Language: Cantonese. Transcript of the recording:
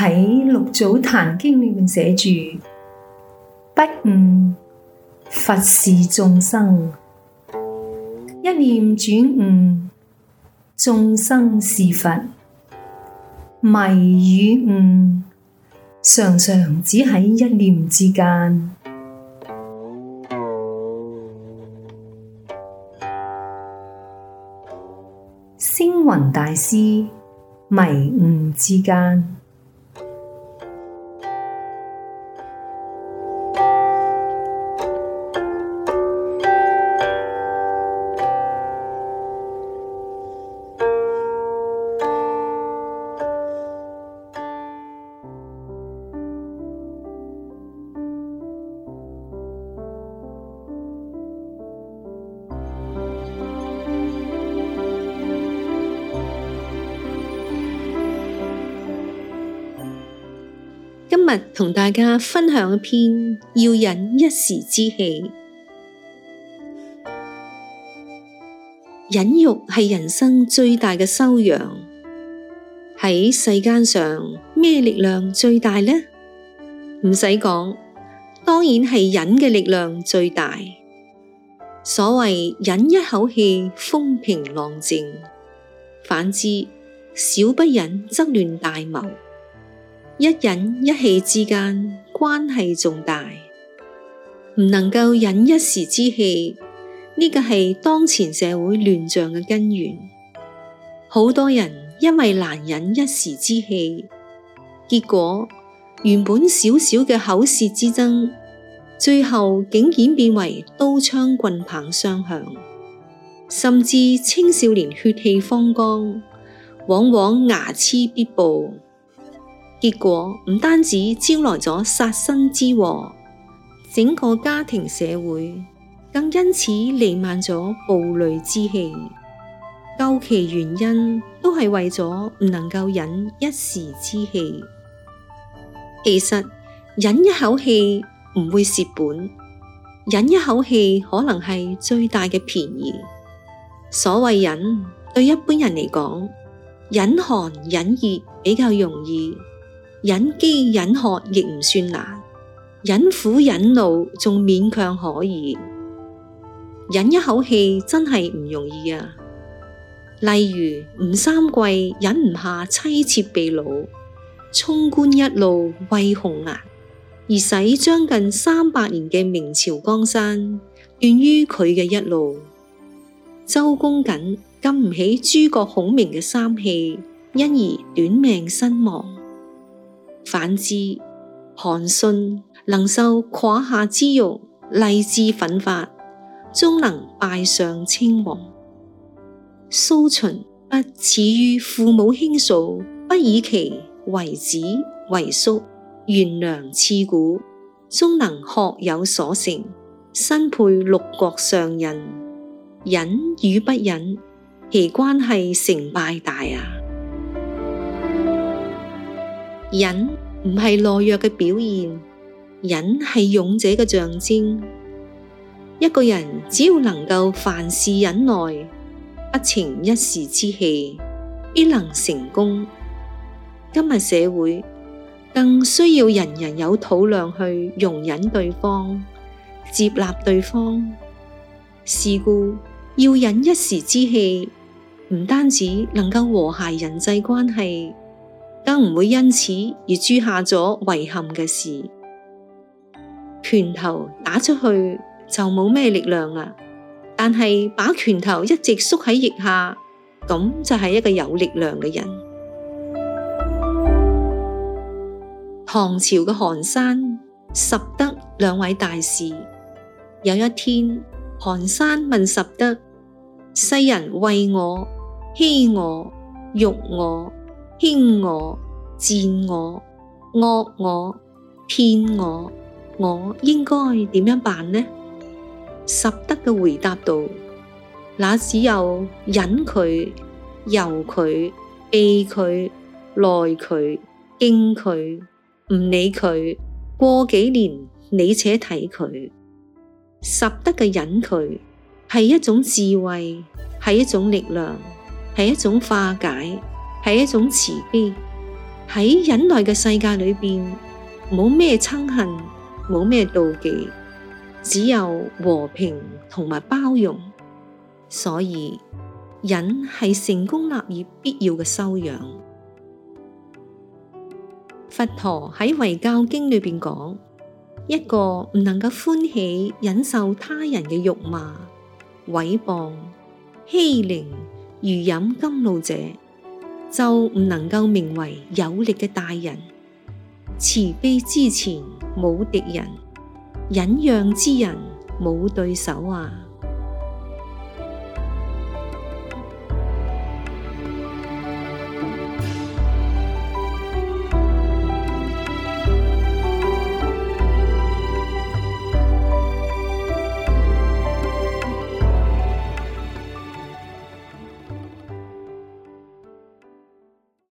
喺六祖壇經裏面寫住不悟佛是眾生，一念轉悟眾生是佛，迷與悟常常只喺一念之間。星雲大師迷悟之間。今日同大家分享一篇要忍一時之氣，忍辱係人生最大嘅修養。喺世間上，咩力量最大呢？唔使講，當然係忍嘅力量最大。所謂忍一口氣，風平浪靜；反之，小不忍則亂大謀。一忍一氣之間，關係重大，唔能夠忍一時之氣，呢個係當前社會亂象嘅根源。好多人因為難忍一時之氣，結果原本小小嘅口舌之爭，最後竟演變為刀槍棍棒相向，甚至青少年血氣方剛，往往睚眥必報。結果唔單止招來咗殺身之禍，整個家庭社會更因此彌漫咗暴戾之氣。究其原因，都係為咗唔能夠忍一時之氣。其實忍一口氣唔會蝕本，忍一口氣可能係最大嘅便宜。所謂忍，對一般人嚟講，忍寒忍熱比較容易。忍飢忍渴亦唔算難，忍苦忍怒仲勉強可以，忍一口氣真係唔容易啊。例如吳三桂忍唔下妻妾被擄，衝冠一怒為紅顏，而使將近三百年嘅明朝江山斷於佢嘅一怒。周公瑾禁唔起諸葛孔明嘅三氣，因而短命身亡。反之，韓信能受胯下之辱，勵志奮發，終能拜相稱王；蘇秦不恥於父母兄嫂，不以其為子為叔，懸樑刺股，終能學有所成，身配六國相印。忍與不忍，其關係成敗大啊！忍唔係懦弱嘅表現，忍係勇者嘅象徵。一個人只要能夠凡事忍耐，不逞一時之氣，必能成功。今日社會更需要人人有肚量去容忍對方、接納對方，是故要忍一時之氣，唔單止能夠和諧人際關係。更唔會因此而鑄下咗遺憾嘅事。拳頭打出去就冇咩力量喇，但係把拳頭一直縮喺腋下，咁就係一個有力量嘅人。 唐朝嘅寒山拾得兩位大士，有一天寒山問拾得：「世人穢我、欺我、辱我、輕我、賤我、惡我、騙我，我應該點樣辦呢？拾得嘅回答道：那只有忍佢、由佢、避佢、耐佢、敬佢，唔理佢。過幾年，你且睇佢。拾得嘅忍佢係一種智慧，係一種力量，係一種化解。係一種慈悲，喺忍耐嘅世界裏邊，冇咩憎恨，冇咩妒忌，只有和平同埋包容。所以忍係成功立業必要嘅修養。佛陀喺《遺教經》裏邊講：一個唔能夠歡喜忍受他人嘅辱罵、毀謗、欺凌、如飲甘露者。就唔能夠名為有力嘅大人，慈悲之前冇敵人，忍讓之人冇對手啊！